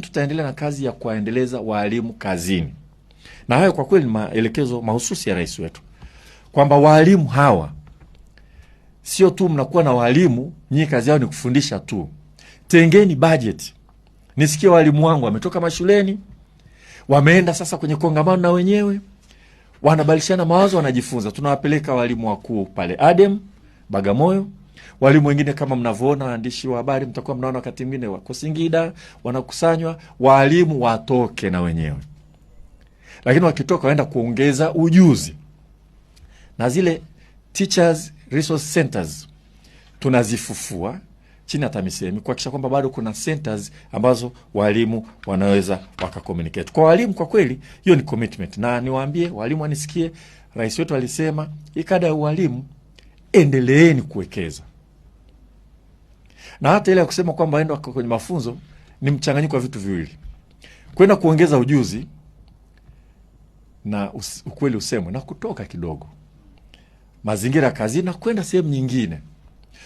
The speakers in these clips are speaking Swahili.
Tutaendelea na kazi ya kuwaendeleza waalimu kazini, na hayo kwa kweli ni maelekezo mahususi ya rais wetu kwamba waalimu hawa sio tu mnakuwa na waalimu nyii kazi yao ni kufundisha tu, tengeni bajeti. Nisikie waalimu wangu wametoka mashuleni, wameenda sasa kwenye kongamano na wenyewe, wanabadilishana mawazo, wanajifunza. Tunawapeleka waalimu wakuu pale ADEM Bagamoyo. Walimu wengine kama mnavyoona, waandishi wa habari, mtakuwa mnaona wakati mwingine wako Singida, wanakusanywa, walimu watoke na wenyewe, lakini wakitoka waenda kuongeza ujuzi na zile teachers resource centers tunazifufua chini ya TAMISEMI kuhakikisha kwamba bado kuna centers ambazo walimu wanaweza wakakomunicate kwa walimu. Kwa kweli hiyo ni commitment, na niwaambie walimu wanisikie, rais wetu alisema hii kada ya ualimu endeleeni kuwekeza na hata ile ya kusema kwamba aenda kwenye mafunzo ni mchanganyiko wa vitu viwili, kwenda kuongeza ujuzi na us, ukweli usemwe na kutoka kidogo mazingira ya kazini na kwenda sehemu nyingine,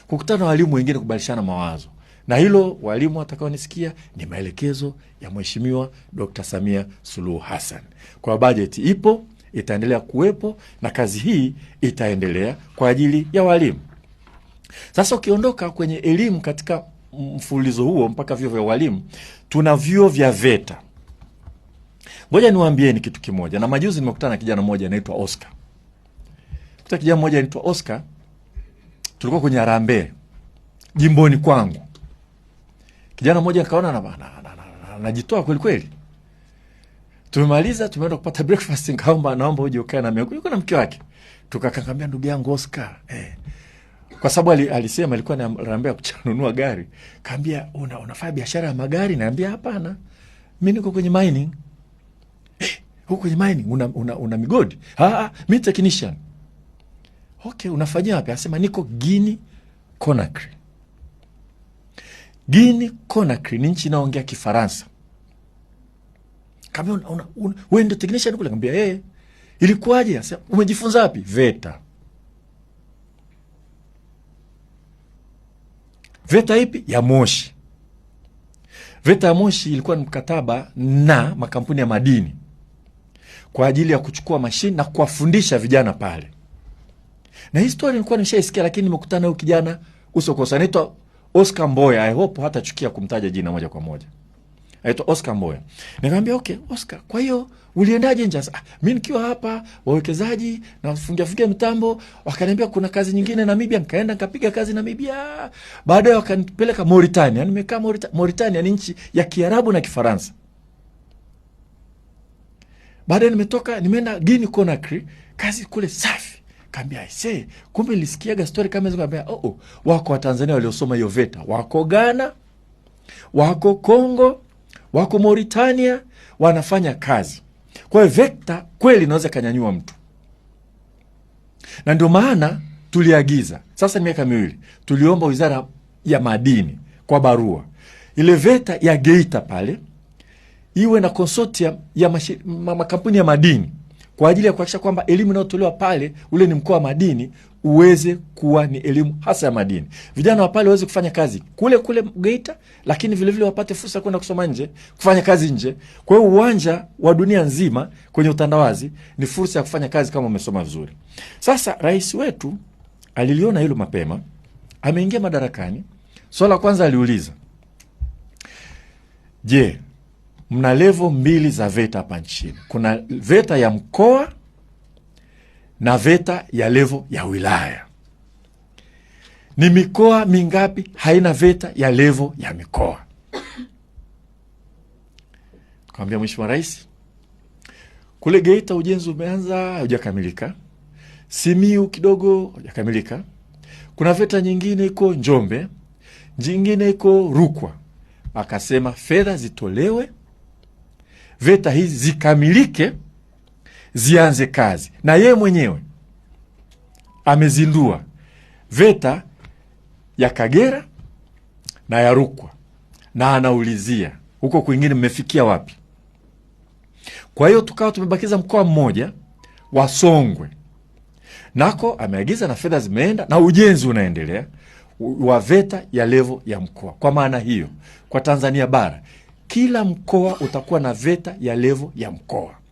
kukutana na walimu wengine, kubadilishana mawazo. Na hilo walimu watakaonisikia, ni maelekezo ya Mheshimiwa Dkt. Samia Suluhu Hassan. Kwa bajeti ipo, itaendelea kuwepo na kazi hii itaendelea kwa ajili ya walimu. Sasa ukiondoka kwenye elimu katika mfululizo huo mpaka vyuo vya ualimu, tuna vyuo vya VETA. Ngoja niwambieni kitu kimoja, na majuzi nimekutana na kijana mmoja anaitwa Oscar. Kuta kijana mmoja anaitwa Oscar, tulikuwa kwenye arambe jimboni kwangu. Kijana mmoja nikaona anajitoa kwelikweli tumemaliza tumeenda kupata breakfast, nikaomba naomba uje ukae na mke, yuko na mke wake, tukakangamia ndugu yangu Oscar eh kwa sababu alisema alikuwa naambia kuchanunua gari, kaambia una, unafanya biashara ya magari? Naambia hapana, mi niko kwenye mining. Eh, huko kwenye mining una, una, una migodi? Ah, ah, mi technician. Okay, unafanyia wapi? Asema niko Guinea Conakry. Guinea Conakry ni nchi inaongea Kifaransa. Kaambia una, una, una, wewe ndio technician kule? Kaambia eh. Ilikuwaje? Asema umejifunza wapi? VETA. Veta ipi? Ya Moshi. Veta ya Moshi ilikuwa ni mkataba na makampuni ya madini kwa ajili ya kuchukua mashine na kuwafundisha vijana pale. Na hii stori nilikuwa nishaisikia, lakini nimekutana huyu kijana uso kwa uso. Anaitwa Oscar Mboya. I hope chukia kumtaja jina moja kwa moja. Anaitwa Oscar Mboya. Nikamwambia okay, Oscar, kwa hiyo uliendaje nje? Ah, mi nikiwa hapa wawekezaji nafungiafungia mtambo wakaniambia kuna kazi nyingine Namibia, nkaenda nkapiga kazi Namibia, baadaye wakanipeleka moritania yaani Nimekaa moritania ni nchi ya Kiarabu na Kifaransa. Baadaye nimetoka nimeenda Guinea Conakry, kazi kule safi. Kaambia kumbe lisikiaga stori kama hizo. Kaambia oh, oh, wako Watanzania waliosoma hiyo VETA, wako Ghana, wako Congo, wako Mauritania, wanafanya kazi kwa hiyo vekta kweli inaweza ikanyanyua mtu, na ndio maana tuliagiza sasa, miaka miwili tuliomba wizara ya madini kwa barua ile VETA ya Geita pale iwe na konsortium ya mashi, makampuni ya madini kwa ajili ya kuhakikisha kwamba elimu inayotolewa pale, ule ni mkoa wa madini, uweze kuwa ni elimu hasa ya madini. Vijana wa pale waweze kufanya kazi kule kule Geita, lakini vilevile vile wapate fursa kwenda kusoma nje, kufanya kazi nje. Kwa hiyo uwanja wa dunia nzima kwenye utandawazi ni fursa ya kufanya kazi kama umesoma vizuri. Sasa rais wetu aliliona hilo mapema, ameingia madarakani. Swala la kwanza aliuliza, je, mna levo mbili za VETA hapa nchini. Kuna VETA ya mkoa na VETA ya levo ya wilaya. Ni mikoa mingapi haina VETA ya levo ya mikoa? Kawambia Mheshimiwa Rais, kule Geita ujenzi umeanza, haujakamilika. Simiu kidogo haujakamilika. Kuna VETA nyingine iko Njombe, jingine iko Rukwa. Akasema fedha zitolewe, VETA hizi zikamilike zianze kazi, na yeye mwenyewe amezindua VETA ya Kagera na ya Rukwa, na anaulizia huko kwingine mmefikia wapi? Kwa hiyo tukawa tumebakiza mkoa mmoja wa Songwe, nako ameagiza na fedha zimeenda na ujenzi unaendelea wa VETA ya levo ya mkoa. Kwa maana hiyo, kwa Tanzania bara kila mkoa utakuwa na VETA ya levo ya mkoa.